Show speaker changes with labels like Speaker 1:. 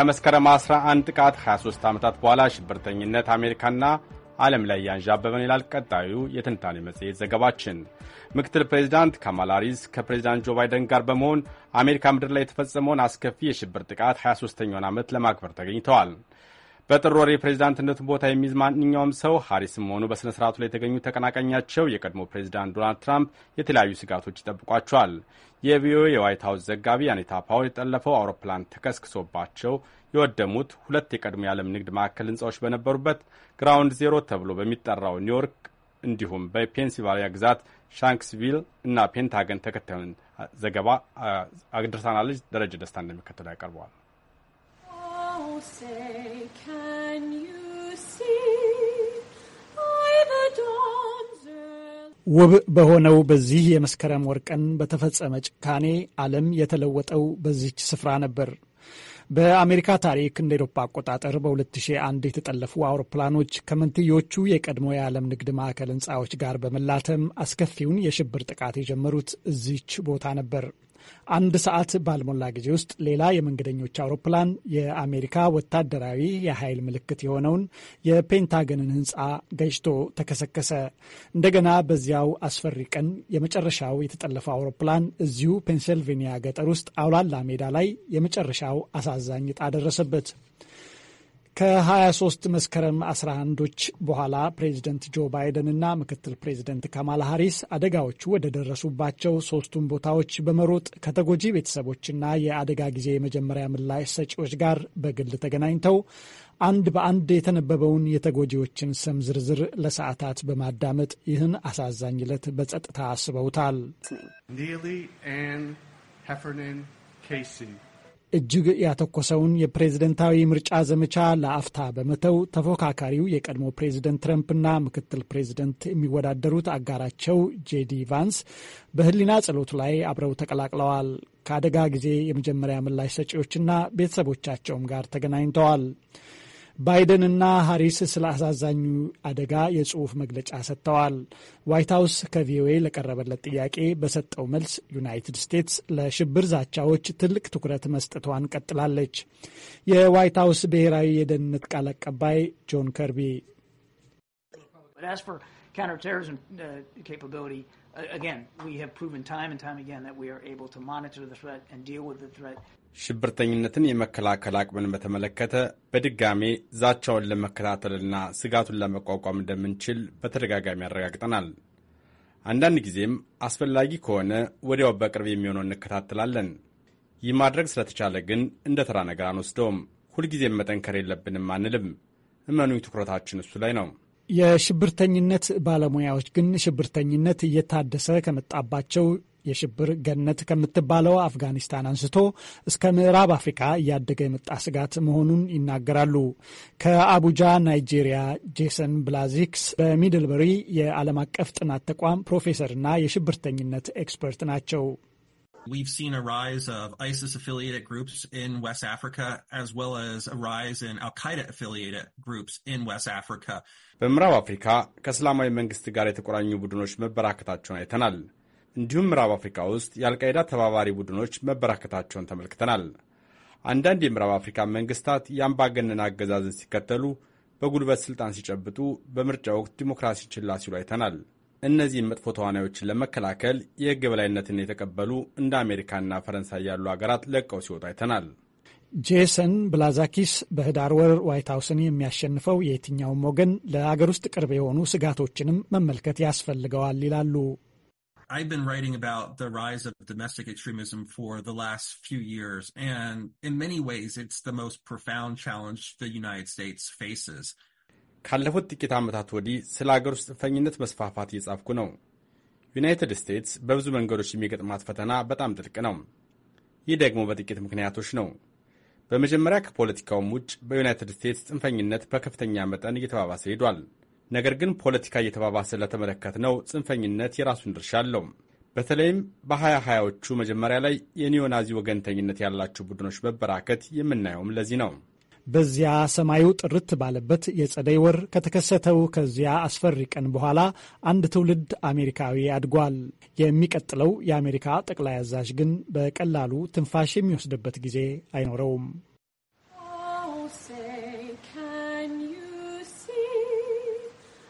Speaker 1: ከመስከረም 11 ጥቃት 23 ዓመታት በኋላ ሽብርተኝነት አሜሪካና ዓለም ላይ ያንዣበበን ይላል ቀጣዩ የትንታኔ መጽሔት ዘገባችን። ምክትል ፕሬዚዳንት ካማላ ሃሪስ ከፕሬዚዳንት ጆ ባይደን ጋር በመሆን አሜሪካ ምድር ላይ የተፈጸመውን አስከፊ የሽብር ጥቃት 23ኛውን ዓመት ለማክበር ተገኝተዋል። በጥር ወር የፕሬዚዳንትነቱን ቦታ የሚይዝ ማንኛውም ሰው ሀሪስም ሆኑ በሥነ ሥርዓቱ ላይ የተገኙ ተቀናቃኛቸው የቀድሞ ፕሬዚዳንት ዶናልድ ትራምፕ የተለያዩ ስጋቶች ይጠብቋቸዋል። የቪኦኤ የዋይት ሀውስ ዘጋቢ አኒታ ፓውል የጠለፈው አውሮፕላን ተከስክሶባቸው የወደሙት ሁለት የቀድሞ የዓለም ንግድ ማዕከል ህንፃዎች በነበሩበት ግራውንድ ዜሮ ተብሎ በሚጠራው ኒውዮርክ እንዲሁም በፔንሲልቫኒያ ግዛት ሻንክስቪል እና ፔንታገን ተከታዩን ዘገባ አድርሳናለች። ደረጀ ደስታ እንደሚከተለው ያቀርበዋል።
Speaker 2: ውብ በሆነው በዚህ የመስከረም ወር ቀን በተፈጸመ ጭካኔ ዓለም የተለወጠው በዚች ስፍራ ነበር። በአሜሪካ ታሪክ እንደ ኤሮፓ አቆጣጠር በ2001 የተጠለፉ አውሮፕላኖች ከመንትዮቹ የቀድሞ የዓለም ንግድ ማዕከል ህንፃዎች ጋር በመላተም አስከፊውን የሽብር ጥቃት የጀመሩት እዚች ቦታ ነበር። አንድ ሰዓት ባልሞላ ጊዜ ውስጥ ሌላ የመንገደኞች አውሮፕላን የአሜሪካ ወታደራዊ የኃይል ምልክት የሆነውን የፔንታገንን ሕንፃ ገጭቶ ተከሰከሰ። እንደገና በዚያው አስፈሪ ቀን የመጨረሻው የተጠለፈው አውሮፕላን እዚሁ ፔንሲልቬኒያ ገጠር ውስጥ አውላላ ሜዳ ላይ የመጨረሻው አሳዛኝ ዕጣ ደረሰበት። ከ23 መስከረም 11ዶች በኋላ ፕሬዚደንት ጆ እና ምክትል ፕሬዚደንት ካማላ ሃሪስ አደጋዎቹ ወደ ደረሱባቸው ሶስቱም ቦታዎች በመሮጥ ከተጎጂ ቤተሰቦችና የአደጋ ጊዜ የመጀመሪያ ምላሽ ሰጪዎች ጋር በግል ተገናኝተው አንድ በአንድ የተነበበውን የተጎጂዎችን ስም ዝርዝር ለሰዓታት በማዳመጥ ይህን አሳዛኝ ዕለት በጸጥታ አስበውታል።
Speaker 1: ኒሊ አን ኬሲ
Speaker 2: እጅግ ያተኮሰውን የፕሬዝደንታዊ ምርጫ ዘመቻ ለአፍታ በመተው ተፎካካሪው የቀድሞ ፕሬዝደንት ትረምፕና ምክትል ፕሬዝደንት የሚወዳደሩት አጋራቸው ጄዲ ቫንስ በህሊና ጸሎት ላይ አብረው ተቀላቅለዋል። ከአደጋ ጊዜ የመጀመሪያ ምላሽ ሰጪዎችና ቤተሰቦቻቸውም ጋር ተገናኝተዋል። ባይደንና ሀሪስ ስለ አሳዛኙ አደጋ የጽሑፍ መግለጫ ሰጥተዋል። ዋይት ሀውስ ከቪኦኤ ለቀረበለት ጥያቄ በሰጠው መልስ ዩናይትድ ስቴትስ ለሽብር ዛቻዎች ትልቅ ትኩረት መስጠቷን ቀጥላለች። የዋይት ሀውስ ብሔራዊ የደህንነት ቃል አቀባይ ጆን ከርቢ again, we have proven time and time again that we are able to monitor the threat and deal with the threat.
Speaker 1: ሽብርተኝነትን የመከላከል አቅምን በተመለከተ በድጋሜ ዛቻውን ለመከታተልና ስጋቱን ለመቋቋም እንደምንችል በተደጋጋሚ ያረጋግጠናል። አንዳንድ ጊዜም አስፈላጊ ከሆነ ወዲያው በቅርብ የሚሆነው እንከታተላለን። ይህ ማድረግ ስለተቻለ ግን እንደ ተራ ነገር አንወስደውም። ሁልጊዜም መጠንከር የለብንም አንልም። እመኑኝ፣ ትኩረታችን እሱ ላይ ነው።
Speaker 2: የሽብርተኝነት ባለሙያዎች ግን ሽብርተኝነት እየታደሰ ከመጣባቸው የሽብር ገነት ከምትባለው አፍጋኒስታን አንስቶ እስከ ምዕራብ አፍሪካ እያደገ የመጣ ስጋት መሆኑን ይናገራሉ። ከአቡጃ ናይጄሪያ፣ ጄሰን ብላዚክስ በሚድልበሪ የዓለም አቀፍ ጥናት ተቋም ፕሮፌሰርና የሽብርተኝነት ኤክስፐርት ናቸው።
Speaker 1: We've seen a rise of ISIS affiliated groups in West Africa, as well as a rise in Al Qaeda affiliated groups in West Africa. በምዕራብ አፍሪካ ከእስላማዊ መንግስት ጋር የተቆራኙ ቡድኖች መበራከታቸውን አይተናል። እንዲሁም ምዕራብ አፍሪካ ውስጥ የአልቃይዳ ተባባሪ ቡድኖች መበራከታቸውን ተመልክተናል። አንዳንድ የምዕራብ አፍሪካ መንግስታት የአምባገነን አገዛዝን ሲከተሉ፣ በጉልበት ስልጣን ሲጨብጡ፣ በምርጫ ወቅት ዲሞክራሲ ችላ ሲሉ አይተናል። እነዚህን መጥፎ ተዋናዮችን ለመከላከል የህግ በላይነትን የተቀበሉ እንደ አሜሪካና ፈረንሳይ ያሉ ሀገራት ለቀው ሲወጡ አይተናል።
Speaker 2: ጄሰን ብላዛኪስ በህዳር ወር ዋይት ሀውስን የሚያሸንፈው የየትኛውም ወገን ለአገር ውስጥ ቅርብ የሆኑ ስጋቶችንም መመልከት ያስፈልገዋል ይላሉ።
Speaker 1: I've been writing about the rise of domestic extremism for the last few years, and in many ways, it's the most profound challenge the United States faces. ካለፉት ጥቂት ዓመታት ወዲህ ስለ አገር ውስጥ ጽንፈኝነት መስፋፋት እየጻፍኩ ነው። ዩናይትድ ስቴትስ በብዙ መንገዶች የሚገጥማት ፈተና በጣም ጥልቅ ነው። ይህ ደግሞ በጥቂት ምክንያቶች ነው። በመጀመሪያ ከፖለቲካውም ውጭ በዩናይትድ ስቴትስ ጽንፈኝነት በከፍተኛ መጠን እየተባባሰ ሄዷል። ነገር ግን ፖለቲካ እየተባባሰ ነው ጽንፈኝነት የራሱን ድርሻ አለው። በተለይም በሀያ ሀያዎቹ መጀመሪያ ላይ የኒዮናዚ ወገንተኝነት ያላቸው ቡድኖች መበራከት የምናየውም ለዚህ ነው።
Speaker 2: በዚያ ሰማዩ ጥርት ባለበት የጸደይ ወር ከተከሰተው ከዚያ አስፈሪ ቀን በኋላ አንድ ትውልድ አሜሪካዊ አድጓል። የሚቀጥለው የአሜሪካ ጠቅላይ አዛዥ ግን በቀላሉ ትንፋሽ የሚወስድበት ጊዜ አይኖረውም።